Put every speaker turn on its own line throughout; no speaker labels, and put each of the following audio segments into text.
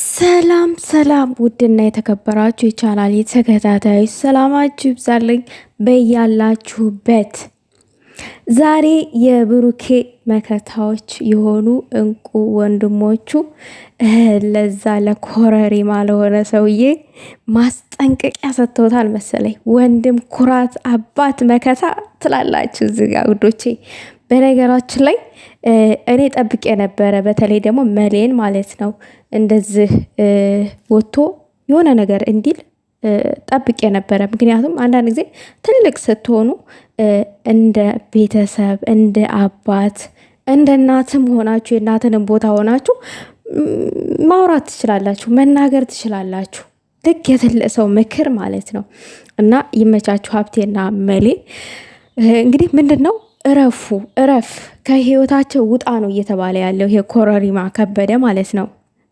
ሰላም ሰላም ውድና የተከበራችሁ ይቻላል የተከታታዩ ሰላማችሁ ይብዛልኝ በያላችሁበት። ዛሬ የብሩኬ መከታዎች የሆኑ እንቁ ወንድሞቹ ለዛ ለኮረሪማ ለሆነ ሰውዬ ማስጠንቀቂያ ሰጥተውታል መሰለኝ። ወንድም ኩራት፣ አባት መከታ ትላላችሁ እዚህ ጋ ውዶቼ። በነገራችን ላይ እኔ ጠብቅ የነበረ በተለይ ደግሞ መሌን ማለት ነው እንደዚህ ወጥቶ የሆነ ነገር እንዲል ጠብቅ የነበረ። ምክንያቱም አንዳንድ ጊዜ ትልቅ ስትሆኑ እንደ ቤተሰብ እንደ አባት እንደ እናትም ሆናችሁ የእናትንም ቦታ ሆናችሁ ማውራት ትችላላችሁ፣ መናገር ትችላላችሁ። ልክ የትልቅ ሰው ምክር ማለት ነው። እና ይመቻችሁ ሀብቴና መሌ። እንግዲህ ምንድን ነው እረፉ እረፍ ከህይወታቸው ውጣ ነው እየተባለ ያለው ይሄ ኮረሪማ ከበደ ማለት ነው።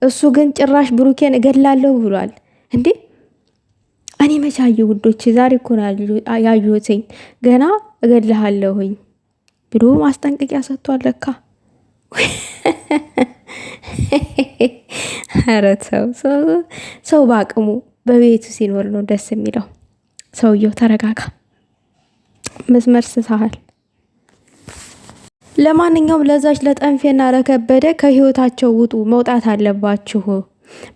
እሱ ግን ጭራሽ ብሩኬን እገላለሁ ብሏል እንዴ! እኔ መቻየ ውዶች፣ ዛሬ እኮ ያዩትኝ ገና እገድልሃለሁኝ ብሎ ማስጠንቀቂያ ሰጥቷል። ለካ ኧረ ሰው ሰው በአቅሙ በቤቱ ሲኖር ነው ደስ የሚለው። ሰውየው ተረጋጋ፣ መስመር ስሳሃል። ለማንኛውም ለዛች ለጠንፌና ለከበደ ከህይወታቸው ውጡ፣ መውጣት አለባችሁ።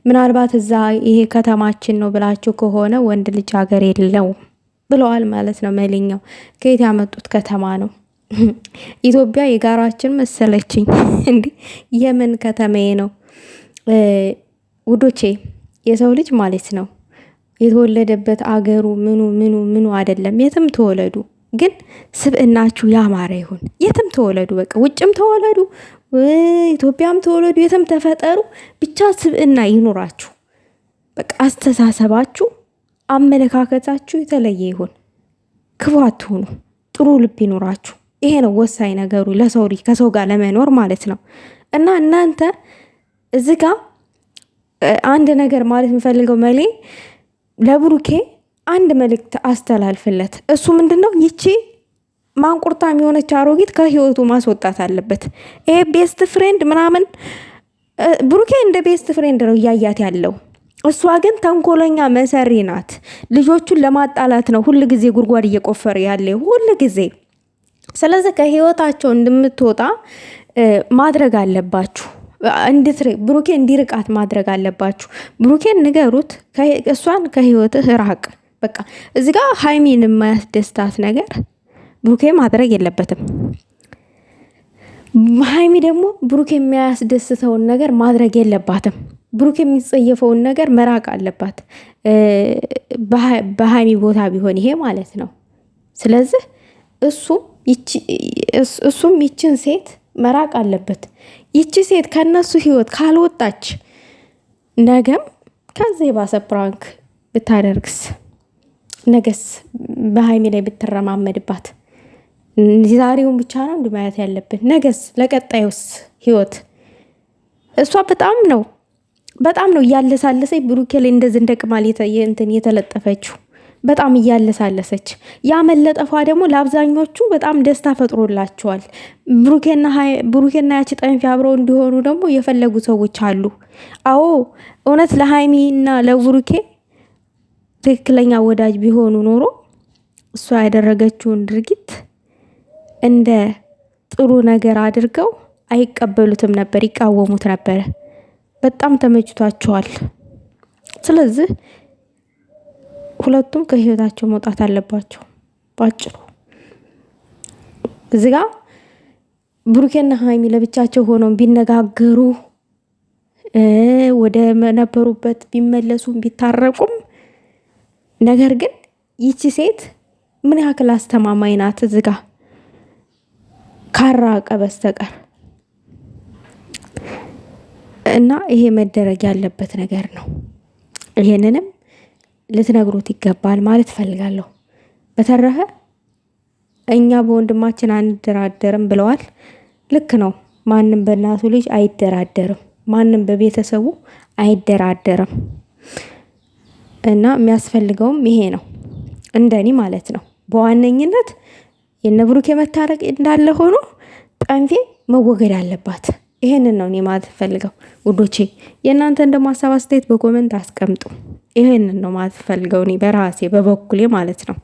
ምናልባት እዛ ይሄ ከተማችን ነው ብላችሁ ከሆነ ወንድ ልጅ ሀገር የለው ብለዋል ማለት ነው። መልኛው ከየት ያመጡት ከተማ ነው? ኢትዮጵያ የጋራችን መሰለችኝ። እንዲ የምን ከተማዬ ነው? ውዶቼ የሰው ልጅ ማለት ነው የተወለደበት አገሩ ምኑ ምኑ ምኑ አይደለም። የትም ተወለዱ ግን ስብእናችሁ ያማረ ይሁን። የትም ተወለዱ፣ በቃ ውጭም ተወለዱ፣ ኢትዮጵያም ተወለዱ፣ የትም ተፈጠሩ፣ ብቻ ስብእና ይኑራችሁ። በቃ አስተሳሰባችሁ፣ አመለካከታችሁ የተለየ ይሁን። ክፉ አትሁኑ፣ ጥሩ ልብ ይኑራችሁ። ይሄ ነው ወሳኝ ነገሩ ለሰው ልጅ ከሰው ጋር ለመኖር ማለት ነው። እና እናንተ እዚ ጋ አንድ ነገር ማለት የምፈልገው መሌ ለብሩኬ አንድ መልእክት አስተላልፍለት። እሱ ምንድን ነው ይቺ ማንቁርታም የሆነች አሮጊት ከህይወቱ ማስወጣት አለበት። ይሄ ቤስት ፍሬንድ ምናምን ብሩኬ እንደ ቤስት ፍሬንድ ነው እያያት ያለው። እሷ ግን ተንኮለኛ መሰሪ ናት። ልጆቹን ለማጣላት ነው ሁል ጊዜ ጉድጓድ እየቆፈረ ያለ ሁል ጊዜ። ስለዚህ ከህይወታቸው እንድምትወጣ ማድረግ አለባችሁ። ብሩኬ እንዲርቃት ማድረግ አለባችሁ። ብሩኬን ንገሩት፣ እሷን ከህይወትህ ራቅ። በቃ እዚ ጋ ሀይሚን የማያስደስታት ነገር ብሩኬ ማድረግ የለበትም። ሀይሚ ደግሞ ብሩኬ የሚያስደስተውን ነገር ማድረግ የለባትም። ብሩኬ የሚጸየፈውን ነገር መራቅ አለባት። በሀይሚ ቦታ ቢሆን ይሄ ማለት ነው። ስለዚህ እሱም ይችን ሴት መራቅ አለበት። ይቺ ሴት ከነሱ ህይወት ካልወጣች ነገም ከዚህ የባሰ ፕራንክ ብታደርግስ ነገስ በሀይሜ ላይ ብትረማመድባት ዛሬውን ብቻ ነው እንዲማየት ማየት ያለብን። ነገስ ለቀጣዩስ ህይወት እሷ በጣም ነው በጣም ነው እያለሳለሰች ብሩኬ ላይ እንደዚህ እንደ ቅማል እንትን የተለጠፈችው በጣም እያለሳለሰች ያመለጠፏ ደግሞ ለአብዛኞቹ በጣም ደስታ ፈጥሮላቸዋል። ብሩኬና ያቺ ጠንፊ አብረው እንዲሆኑ ደግሞ የፈለጉ ሰዎች አሉ። አዎ እውነት እና ለብሩኬ ትክክለኛ ወዳጅ ቢሆኑ ኖሮ እሷ ያደረገችውን ድርጊት እንደ ጥሩ ነገር አድርገው አይቀበሉትም ነበር፣ ይቃወሙት ነበረ። በጣም ተመችቷቸዋል። ስለዚህ ሁለቱም ከህይወታቸው መውጣት አለባቸው። ባጭሩ እዚ ጋ ብሩኬና ሀይሚ ለብቻቸው ሆነው ቢነጋገሩ ወደ ነበሩበት ቢመለሱም ቢታረቁም ነገር ግን ይቺ ሴት ምን ያክል አስተማማኝ ናት? ዝጋ ካራቀ በስተቀር እና ይሄ መደረግ ያለበት ነገር ነው። ይሄንንም ልትነግሩት ይገባል ማለት እፈልጋለሁ። በተረፈ እኛ በወንድማችን አንደራደርም ብለዋል። ልክ ነው። ማንም በእናቱ ልጅ አይደራደርም፣ ማንም በቤተሰቡ አይደራደርም። እና የሚያስፈልገውም ይሄ ነው እንደኔ ማለት ነው። በዋነኝነት የነብሩክ የመታረቅ እንዳለ ሆኖ ጠንፌ መወገድ አለባት። ይሄንን ነው እኔ ማለት ፈልገው ውዶቼ። የእናንተን ደግሞ ሀሳብ አስተያየት በኮመንት አስቀምጡ። ይሄንን ነው ማለት ፈልገው እኔ በራሴ በበኩሌ ማለት ነው።